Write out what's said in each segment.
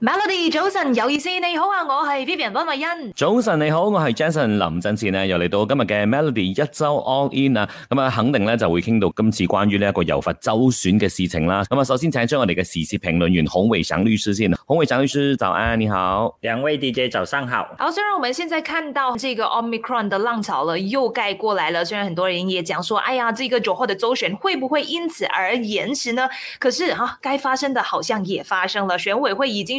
Melody 早晨有意思，你好啊，我係 Vivian 溫慧欣。早晨你好，我係 Jason 林振志咧，又嚟到今日嘅 Melody 一周 All In 啊。咁啊，肯定咧就會傾到今次關於呢一個柔佛周選嘅事情啦。咁啊，首先請出我哋嘅時事評論員孔偉祥律師先。孔偉祥律師早安，你好，兩位 DJ 早上好。好，雖然我們現在看到這個 Omicron 的浪潮了，又蓋過來了。雖然很多人也講說，哎呀，這個柔佛、oh、的周選會不會因此而延遲呢？可是啊，該發生的好像也發生了，選委會已經，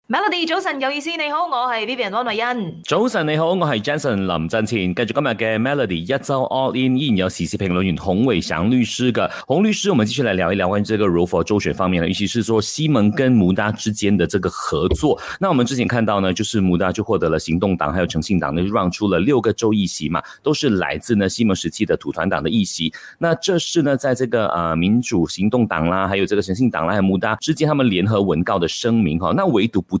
Melody，早晨有意思，你好，我是 vivian 羅美欣。早晨你好，我是 Jenson 林振前。繼續今日嘅 Melody 一周 All In 依然有時事評論員洪偉祥律師嘅洪律師，我們繼續來聊一聊關於這個柔佛州選方面呢，尤其是說西蒙跟慕達之間的這個合作。那我們之前看到呢，就是慕達就獲得了行動黨還有誠信黨呢讓出了六個州議席嘛，都是來自呢西蒙時期的土團黨的議席。那這是呢，在這個啊、呃、民主行動黨啦，還有這個誠信黨啦，還有慕達之間，他們聯合文告的聲明哈，那唯獨不。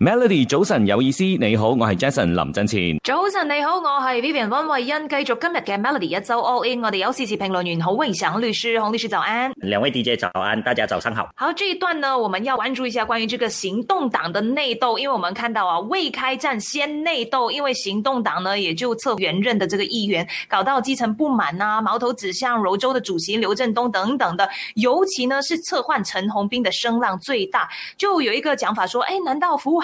Melody 早晨有意思，你好，我係 Jason 林振前。早晨你好，我係 Vivian 溫慧欣。繼續今日嘅 Melody 一周 All In，我哋有時事評論員洪偉祥律師、洪律師早安。兩位 DJ 早安，大家早上好。好，這一段呢，我們要關注一下關於這個行動黨的內鬥，因為我們看到啊，未開戰先內鬥，因為行動黨呢，也就撤原任的這個議員，搞到基層不滿啊，矛頭指向柔州的主席劉鎮東等等的，尤其呢是撤換陳鴻斌的聲浪最大，就有一個講法說，誒、欸，難道服務？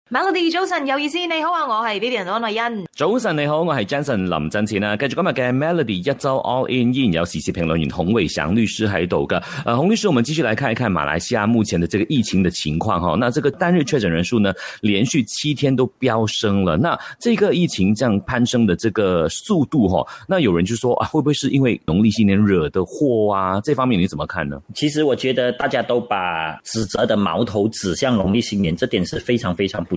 Melody 早晨有意思，你好啊，我係 Vivian 汪麗欣。早晨你好，我是 Jensen 林振前啊。繼續今日嘅 Melody 一周 All In，依然有時事評論員洪偉祥律師喺度嘅。呃，洪律師，我們繼續來看一看馬來西亞目前的這個疫情的情況哈，哦。那這個單日確診人數呢，連續七天都飆升了。那這個疫情這樣攀升的這個速度哈，哦，那有人就說啊，會不會是因為農曆新年惹的禍啊？這方面你怎麼看呢？其實我覺得大家都把指責的矛頭指向農曆新年，這點是非常非常不。